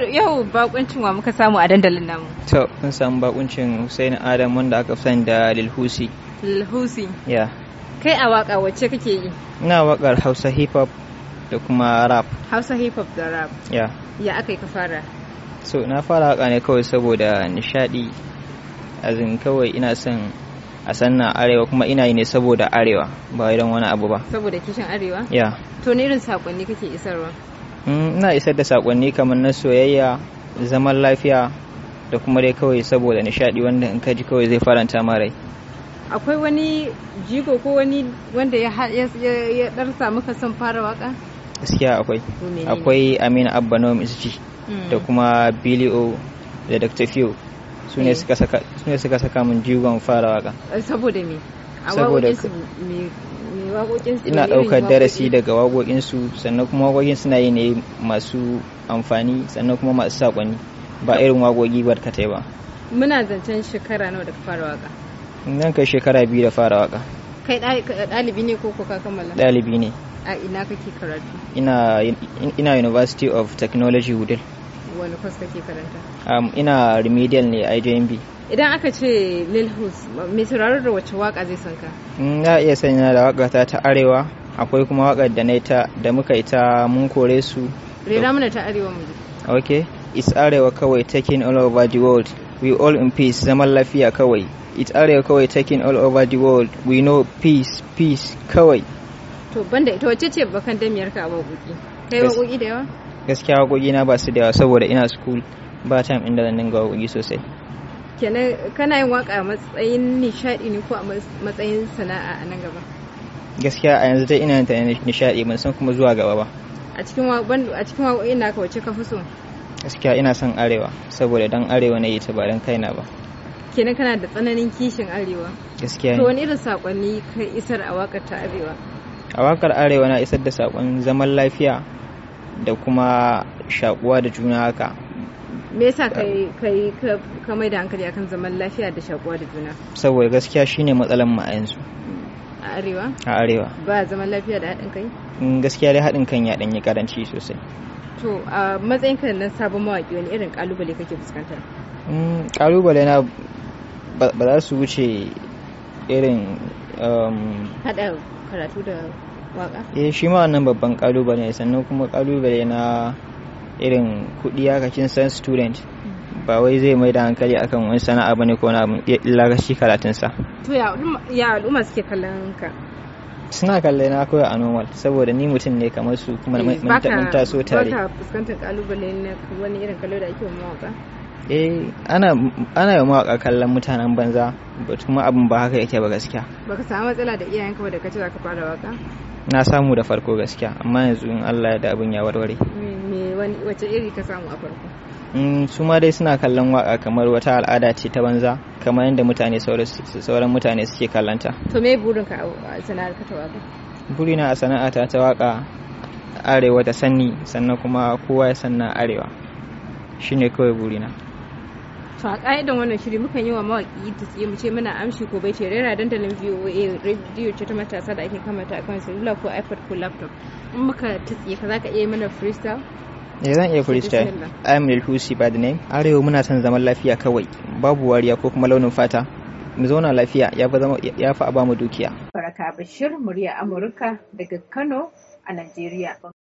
yau bakuncin wa muka samu a dandalin namu to mun samu bakuncin Hussein Adam wanda aka fi sani da Lilhusi Lilhusi ya kai a waka wacce kake yi ina wakar Hausa hip hop da kuma rap Hausa hip hop da rap ya ya aka yi ka fara so na fara waka ne kawai saboda nishadi azin kawai ina son a sannan arewa kuma ina yi ne saboda arewa ba idan wani abu ba saboda kishin arewa ya to ne irin sakonni kake isarwa Mm, ina isar da sakonni kamar na soyayya zaman lafiya da kuma dai kawai saboda nishadi wanda in ka ji kawai zai faranta ma rai akwai wani jigo ko wani wanda ya ya samu maka son fara waka gaskiya akwai akwai Amina Abba Nom Isji mm. da kuma Billy O da Dr. Fio eh. su ne suka saka min jigon fara waka eh, saboda me saboda ina ɗaukar darasi daga waƙoƙinsu sannan kuma waƙoƙin suna yi ne masu amfani sannan kuma masu saƙoni ba irin waƙoƙi barkatai ba muna zancen shekara nawa da fara waka nan kai shekara biyu da fara waka kai ɗalibi ne ko ko ka kammala ɗalibi ne a ina kake karatu ina ina university of technology wudil wani kwas kake karanta um, ina remedial ne a jmb idan aka ce lil mai sauraro da wacce waka zai sanka mm, na iya sanya da waka ta ta arewa akwai kuma waka da na ita da muka ita mun kore su rera mana ta arewa mu ok it's arewa kawai taking all over the world we all in peace zaman lafiya kawai it's arewa kawai taking all over the world we know peace peace kawai to banda ita wacce ce bakan damiyar ka a waƙoƙi kai waƙoƙi da yawa gaskiya waƙoƙi na ba su da yawa saboda ina school ba time inda zan dinga waƙoƙi sosai kenan kana yin waka a matsayin nishadi ne ko a matsayin sana'a a nan gaba gaskiya a yanzu dai ina yin ta nishadi ban san kuma zuwa gaba ba a cikin a cikin waƙoƙin naka wace ka fi so gaskiya ina son arewa saboda dan arewa na yi ta ba kaina ba kenan kana da tsananin kishin arewa gaskiya to wani irin sakonni ka isar a wakar ta arewa a wakar arewa na isar da sakon zaman lafiya da kuma shakuwa da juna haka me yasa kai yi ka mai da hankali akan zaman lafiya da shakuwa da juna saboda gaskiya shine matsalan mu a yanzu a arewa a arewa ba zaman lafiya da haɗin kai mm, gaskiya dai haɗin kan ya ɗanyi karanci sosai to a matsayin ka na sabon mawaƙi wani irin kalubale kake fuskanta kalubale mm, na ba za su wuce irin um, haɗa karatu da waƙa? eh shi ma wannan babban kalubale sannan kuma kalubale na irin kuɗi ya kakin san student ba wai zai mai da hankali akan wani sana'a bane ko wani illa ga shi karatunsa to ya al'umma suke kallon ka suna kalle na koya a normal saboda ni mutum ne kamar su kuma eh, mun taso tare ba ka fuskantar kalubale na wani irin kallo da ake wa mawaka eh ana ana yi mawaƙa kallon mutanen banza ba kuma abin ba haka yake ba gaskiya ba ka samu matsala da iyayenka ba da kace za ka fara waka na samu da farko gaskiya amma yanzu in Allah ya da abin ya warware me wace iri ka samu a farko mm, su ma dai suna kallon waka kamar wata al'ada ce ta banza kamar yadda mutane sauran mutane suke kallanta to me ka a sana'ar ka ta waka burina a sana'a ta ta waka arewa ta sanni sannan kuma kowa ya sanna arewa shine kawai burina To a ƙa'idan wannan shiri muka yi wa mawaƙi ta tsaye mu ce muna amshi ko bai ce rera dandalin VOA rediyo ce ta matasa da ake kamata a kan cellular ko iPad ko laptop. In muka ta tsaye ka za ka iya mana freestyle? Eh zan iya freestyle. I am Lil Husi by the name. Arewa muna son zaman lafiya kawai. Babu wariya ko kuma launin fata. Mu zauna lafiya ya fi zama ya fi a bamu dukiya. Baraka Bashir murya Amurka daga Kano a Najeriya.